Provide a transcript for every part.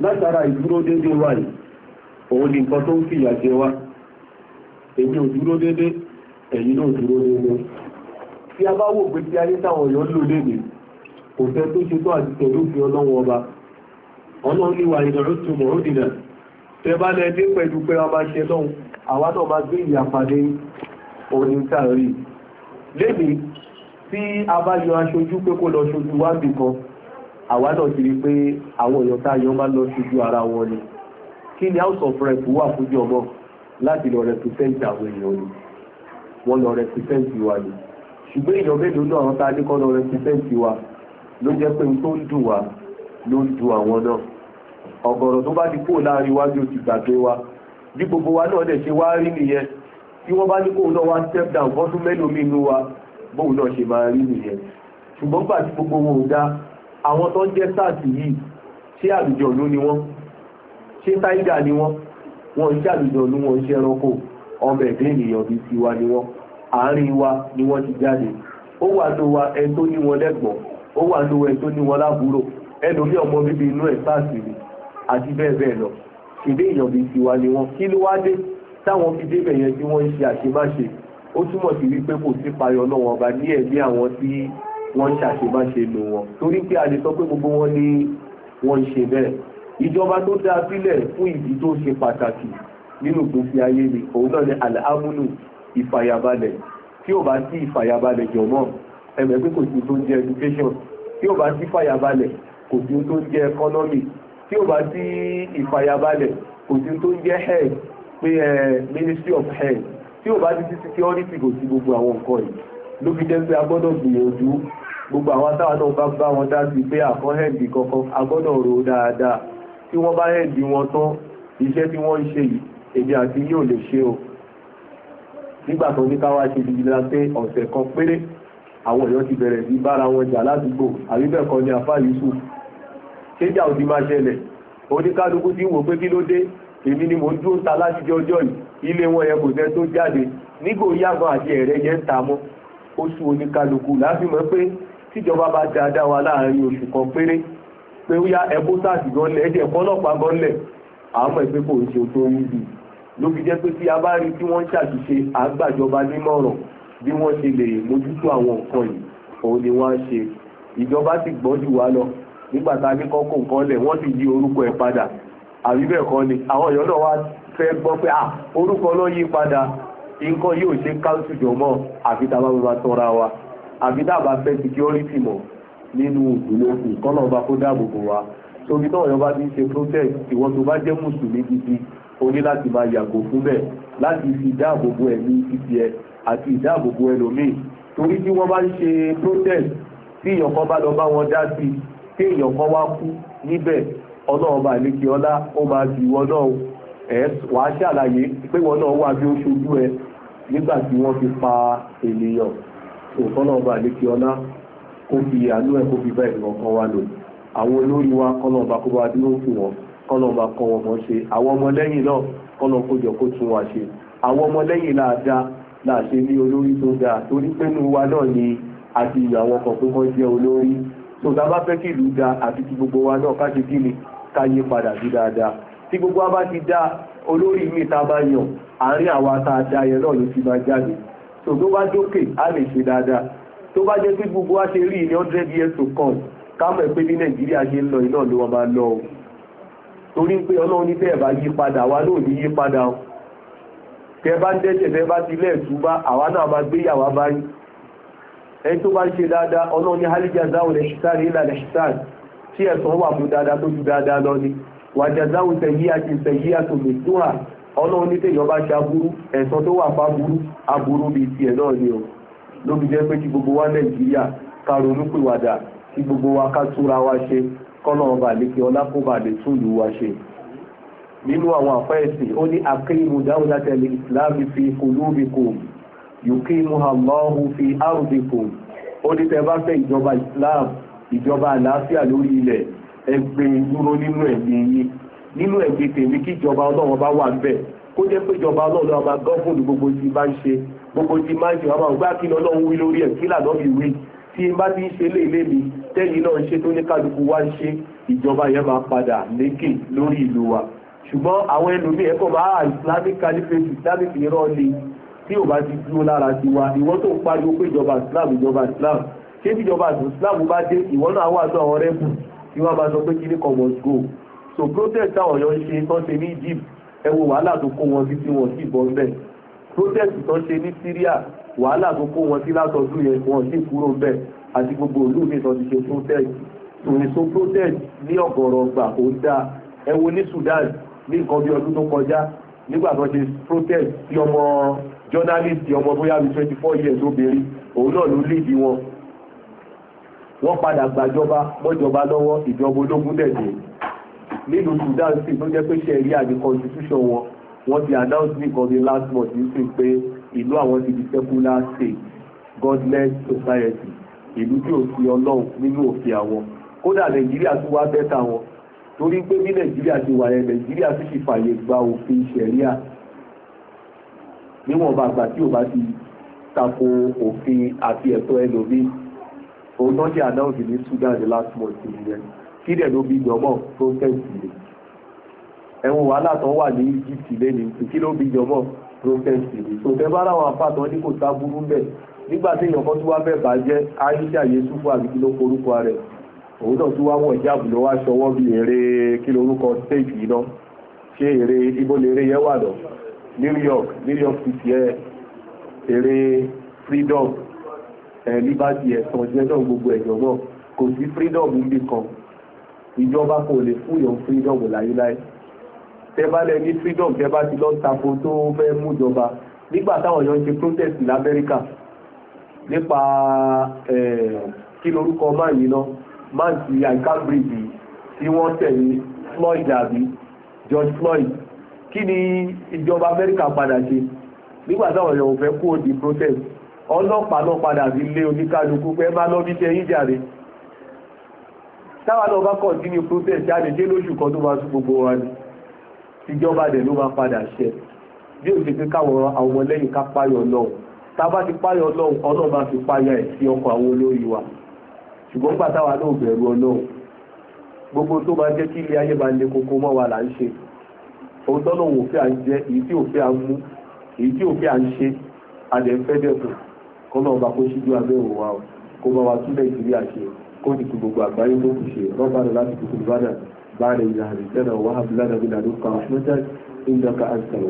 látara ìdúró dédé wà yìí òun ni nǹkan tó ń fìyà jẹ wá ò dúró déédéé náà dúró dédé tí a bá wò pé tí ayé táwọn èèyàn lò léde kò fẹ́ tó ṣe tó àti tẹ̀lú fi ọlọ́wọ́ ọba ọlọ́run ní wà ìdọ̀rọ̀ tó mọ̀ ó dìnà tẹ pé ọba ṣe àwa náà bá gbé ìyàpàdé òní rí tí a bá yọ aṣojú pé kò lọ ṣojú wá bìkan àwa náà ti rí pé àwọn èèyàn tá a yan máa lọ síjú ara wọn ni kí ni house of rep wà fújú ọmọ láti lọ represent àwọn èèyàn ni wọ́n lọ represent wa ni ṣùgbọ́n èèyàn mélòó náà àwọn tá a lọ represent wa ló jẹ́ pé tó ń dùn wá ló ń dùn àwọn náà ọ̀gọ̀rọ̀ tó bá ti kó láàrin wájú ti gbàgbé wa bí gbogbo wa náà dẹ̀ ṣe wá rí nìyẹn tí wọ́n bá ní kóun náà wá step down fọ́sún mẹ́lòmínú wa bóun náà ṣe máa rí nìyẹn ṣùgbọ́n gbà tí gbogbo wọn ò dá àwọn tó ń jẹ́ sáàtì yìí ṣé àlùjọ̀nú ni wọ́n ṣé táìdà ni wọ́n wọ́n ṣe àlùjọ̀nú wọ́n ṣe ẹranko ọmọ ẹ̀dẹ́ ènìyàn bíi tiwa ni wọ́n àárín wa ni wọ́n ti jáde ó wà ló wa ẹni tó ní wọn lẹ́gbọ̀n ó wà ló ẹni tó ní wọn lábúrò ẹlòmí ọmọ bíbí inú ẹ̀ sáàtì ni àti bẹ́ẹ̀ bẹ́ẹ̀ lọ ṣèdé èèyàn bíi tiwa ni wọ́n kí ló wá dé táwọn fi débẹ̀ yẹn tí wọ́n ń ṣe àṣemáṣe ó túmọ̀ sí wípé kò sí payọ̀ náà wọn bá ní ẹ̀mí àwọn tí wọ́n ṣàṣebáṣe lò wọ́n torí pé a lè sọ pé gbogbo wọn ni wọ́n ń ṣe bẹ́ẹ̀ ìjọba tó dáa sílẹ̀ fún ìdí tó ṣe pàtàkì nínú ìgbésí ayé ni òun náà ni àlàámúnù ìfàyàbalẹ̀ tí ò bá sí ìfàyàbalẹ̀ jọ̀mọ́ ẹ̀mẹ̀ pé kò sí tó ń jẹ́ education tí ò bá sí ìfàyàbalẹ̀ kò sí tó ń jẹ́ economy tí ò bá sí ìfàyàbalẹ̀ kò sí tó ń jẹ́ health pé ẹ ministry of health tí ò bá sí security kò sí gbogbo àwọn nǹkan yìí ló fi jẹ́ pé a gbọ́dọ̀ gbìyànjú gbogbo àwọn táwọn náà bá bá wọn dá sí pé àkọ́ hẹ́ẹ̀dì kankan agbọ́dọ̀ ro dáadáa tí wọ́n bá hẹ́ẹ̀dì wọn tán iṣẹ́ tí wọ́n ṣe yìí èdè àti yóò lè ṣe o nígbà tó ní káwá ṣe dìgbìlá pé ọ̀sẹ̀ kan péré àwọn èèyàn ti bẹ̀rẹ̀ sí bára wọn jà ládùúgbò àríbẹ̀kọ́ ni àfá Yusuf ṣéjà ò ti máa ṣẹlẹ̀ oníkálukú ti wò pé kí ló dé èmi ni mò ń dúró ta láti jẹ ọjọ́ yìí ilé wọn yẹn kò tẹ́ tó jáde nígbò yàgbọ́n àti ẹ̀rẹ́ yẹn ń ta mọ́ oṣù oníkálukú láti mọ̀ pé tíjọba bá dáadáa wa láàrin oṣù kan péré pé ó yá ẹbó sáàsì gọ́lẹ̀ ẹ̀jẹ̀ pọ́lọ́pàá gọ́lẹ̀ àwọn ọmọ ìpínpọ̀ ń ṣe tó ń bì ló fi jẹ́ pé tí a bá rí tí wọ́n ń ṣàṣìṣe àgbàjọba nímọ̀ràn bí wọ́n ṣe lè mójútó àwọn nǹkan yìí òun ni wọ́n á ṣe ìjọba sì gbọ́ jù wá lọ nígbà tá a ní kọ́kọ́ nǹkan lẹ̀ wọ́n sì yí orúkọ ẹ̀ padà àbí bẹ́ẹ̀ kọ́ ni àwọn èèyàn náà wá fẹ́ gbọ́ pé à orúkọ ló yí padà nǹkan yóò ṣe káńsù jọmọ́ àfi tá a bá bá tọ́ra wa àbí dábàá fẹ́ security mọ̀ nínú ìlókù kọ́nà ọba kó dáàbò bò wa torí náà yọba ti ń ṣe protest ìwọ tó bá jẹ́ mùsùlùmí gidi o ní láti máa yàgò fún bẹ́ẹ̀ láti fi dáàbò bo ẹ̀mí títí ẹ àti ìdáàbò bo ẹlòmíì torí tí wọ́n bá ń ṣe protest tí èèyàn kan bá lọ bá wọn dá sí tí èèyàn kan wá kú níbẹ̀ ọlọ́run bá ní kí ọlá ó máa di ìwọ náà ẹ̀ wàá ṣàlàyé pé ìwọ náà wà bí ó ṣojú ẹ nígbà tí wọ́n fi pa ènìyàn òkọ́nà ọba àlékí ọlá kó fi àánú ẹ̀ kó fi bá ẹ̀rọ kan wá lò àwọn olórí wa kọ́nà ọba kó bá dúró fún wọn kọ́nà ọba kọ́ wọn mọ́ ṣe àwọn ọmọlẹ́yìn náà kọ́nà kójọ kó tún wa ṣe àwọn ọmọlẹ́yìn láàdá láàṣe ní olórí tó dáa torí pẹ́nu wa náà ni àti àwọn kan pé jẹ́ olórí tó tá bá fẹ́ kí ìlú da àti ti gbogbo wa náà káṣe kí ni ká yí padà sí dáadáa tí gbogbo wa bá ti dá olórí mi ta bá yàn àárín àwa tá a dá yẹn náà ló ti máa jáde so tó bá jókè á lè ṣe dáadáa tó bá jẹ́ pé gbogbo wa ṣe rí ní hundred years to come kámọ̀ pé bí nàìjíríà ṣe ń lọ iná ló wọn bá lọ o torí pé ọlọ́run ní bẹ́ẹ̀ bá yí padà wa náà ní yí padà o tẹ bá ń dẹ́ṣẹ̀ tẹ bá ti lẹ́ẹ̀tú bá àwa náà máa gbé yàwá báyìí ẹni tó bá ń ṣe dáadáa ọlọ́run ní halijazawo lẹ́ṣítàrí ìlà lẹ́ṣítàrí tí ẹ̀sán wà fún dáadáa tó ju dáadáa lọ ni wàjazawo tẹ̀yí àti tẹ̀yí àtòmẹ̀tò ọlọ́run ní tèèyàn bá ṣe aburú ẹ̀san tó wà fáburú aburú bíi tiẹ̀ náà ni o ló fi jẹ́ pé kí gbogbo wa nàìjíríà ká ronú pìwàdà kí gbogbo wa ká túra wa ṣe kọ́nà ọba àlékè ọlá kó bá lè tún ìlú wa ṣe nínú àwọn àpẹ́ ẹ̀sìn ó ní akéyìmù dáhùn látẹ̀lé ìsìláàmì fi qulubikum yukimu Allahu fi ardikum ó ní tẹ́ bá fẹ́ ìjọba ìsìláàmù ìjọba àlàáfíà lórí ilẹ̀ ẹgbẹ́ e dúró nínú ẹ̀mí yìí nínú ẹ̀jẹ̀ tèmi kí ìjọba ọlọ́run bá wà ń bẹ̀ kó jẹ́ pé ìjọba ọlọ́run bá gọ́fòlù gbogbo tí bá ń ṣe gbogbo tí máa ń ṣe wọn máa gbá kí lọ́lọ́run wí lórí ẹ̀ kí làdọ́ fi wí tí n bá ti ń ṣe léèlé mi tẹ́yìn náà ń ṣe tó ní kálukú wá ń ṣe ìjọba yẹn máa padà lékè lórí ìlú wa ṣùgbọ́n àwọn ẹlòmíì ẹ̀kọ́ bá ah, islamic caliphate islamic irọ́ ni tí ò bá ti dúró lára ti wa ìwọ́n tó pariwo pé ìjọba islam ìjọba islam ṣé ìjọba islam bá dé ìwọ́n náà wà ní àwọn rẹ́bù tí wọ́n bá sọ pé kí ní commons go so protest táwọn ọ̀yọ́ ń ṣe tán ṣe ní Egypt ẹ wo wàhálà tó kó wọn sí tí wọn sì bọ́ bẹ́ẹ̀ protest tán ṣe ní Syria wàhálà tó kó wọn sí látọ̀dún yẹn wọn sì kúrò bẹ́ẹ̀ àti gbogbo ìlú mi tán ti ṣe protest tòrìṣó protest ní ọ̀gọ̀rọ̀ ọgbà kò ń dáa ẹ ní Sudan ní nǹkan bí ọdún tó kọjá nígbà tó ṣe protest tí ọmọ journalist ọmọ bóyá bíi twenty four years obìnrin òun náà ló léèdì wọn wọ́n padà gbàjọba mọ́jọba lọ́wọ́ ìjọba ológun dẹ̀ nínú Sudan sí tó jẹ́ pé ṣẹ̀rí àti constitution wọn wọ́n ti announce ní the last month ní sí pé ìlú àwọn ti di secular state godless society ìlú tí ò sí ọlọ́run nínú òfin àwọn kódà Nàìjíríà tún wá bẹ́tà wọn torí pé bí Nàìjíríà ti wà yẹn Nàìjíríà tún ti fàyè gba òfin ṣẹ̀ríà níwọ̀nba àgbà tí ò bá ti tako òfin àti ẹ̀tọ́ ẹlòmíì òun náà ṣe announce ní Sudan last month nìyẹn kí dẹ̀ ló bí jọmọ́ protest rẹ̀ ẹ̀wọ̀n wàhálà tó wà ní Egypt lẹ́ni kí ló bí jọmọ́ protest rẹ̀ so tẹ́ bá ráwọn apátan ní kò sá burú bẹ́ẹ̀ nígbà tí èèyàn kan tó bẹ́ẹ̀ bá jẹ́ Aisha Yesufu àbí kí ló korúkọ rẹ̀ òun náà tó wá wọ̀ ìjáàbù ló wá ṣọwọ́ bí eré kí lorúkọ stage yìí náà ṣé eré ibo lèrè yẹn wà lọ New York New York City ẹ eré freedom ẹ eh, liberty ẹ̀sán jẹ́ náà gbogbo ẹ̀jọ̀ náà kò sí freedom níbi kan ìjọba kò lè fún yàn freedom láyéláyé tẹ́bálẹ̀ ní freedom tẹ́bá ti lọ tako tó fẹ́ mú jọba nígbà táwọn èèyàn ṣe protest l'Amẹ́ríkà nípa kí lorúkọ máa yìí ná máa ti àìkábíríjì tí wọ́n tẹ̀lé Floyd àbí George Floyd kí ni ìjọba Amẹ́ríkà padà ṣe nígbà táwọn èèyàn ò fẹ́ kú òdì protest ọlọ́pàá náà padà sí lé oníkálukú pé ẹ bá lọ́ bí ṣe yín jàre táwa náà bá kọ̀ sí ní protest a lè dé lóṣù kan tó bá sún gbogbo wa ni ìjọba dẹ̀ ló máa padà ṣe bí ó ṣe pé káwọn àwọn ọmọlẹ́yìn ká páyọ̀ lọ́hùn tá a bá ti páyọ̀ lọ́hùn ọlọ́run bá fi páyà ẹ̀ sí ọkọ̀ àwọn olórí wa ṣùgbọ́n gbà táwa náà bẹ̀rù ọlọ́run gbogbo tó máa jẹ́ kí ilé ayé máa le koko mọ́ wa là ń ṣe ohun tọ́nà òfin à ń jẹ èyí tí òfin à ń mú èyí tí òfin à ń ṣe adẹ̀ ń fẹ́ dẹ̀kùn kọ́nà ọba kó ṣíjú abẹ́ òun wa kó bá wa tún Nàìjíríà ṣe kó ti tu gbogbo àgbáyé ló kù ṣe rọ́bàdà láti kùkù bàdà bàdà ìlà àrìsẹ́nà wàhálà lánà bí lànà kan mẹ́ta ìjọka àìsàn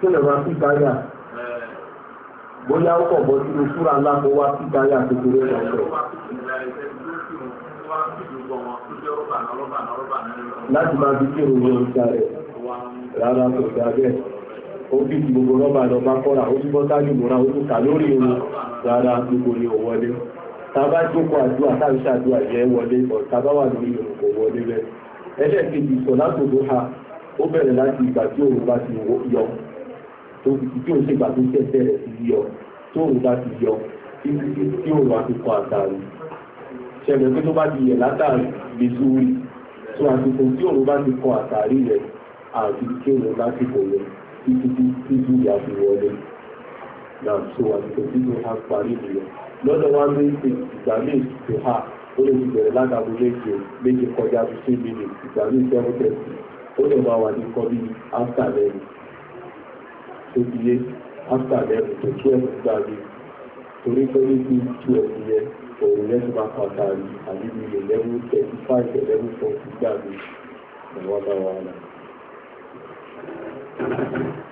Kí lè máa fi báyà? bóyá ó kọ̀ bọ́ sínú súra ńlá tó wá síta yà kékeré lọ́sẹ̀. láti máa fi ní ọjà rẹ̀ rárá kò dá bẹ́ẹ̀ ó fi ti gbogbo rọ́bà lọ bá kọ́ra ó túbọ̀ sáájú mọ́ra ó lórí òun rárá gbogbo tàbá jókòó àdúrà ṣàdúrà wọlé ha ó bẹ̀rẹ̀ láti ìgbà tí òun bá yọ tó fi tí ó ṣe gbà tó tẹ́ bẹ̀rẹ̀ sí yọ tó òun bá ti yọ tí òun wá fi kọ àtàrí ṣẹlẹ̀ pé tó bá ti yẹ látàrí lè sórí tó àsìkò tí òun bá ti kọ àtàrí rẹ̀ àti tí òun lásìkò rẹ̀ títí tí títí ìyá fi wọlé náà tó àsìkò tí tó há parí nìyẹn lọ́dọ̀ wá ní ìgbà ní ìtò há ó lè ti bẹ̀rẹ̀ látàbí méje méje kọjá fifteen minutes ìgbà ní seven thirty ó lè máa wà ní kọ́ bí after eleven tó fi yé after that to twelve gbàgbé torí pé ní bí twelve yẹ òun yẹn ti máa pàtàkì àbí bí eleven thirty five eleven forty gbàgbé ẹ̀wọ́n bá wà náà.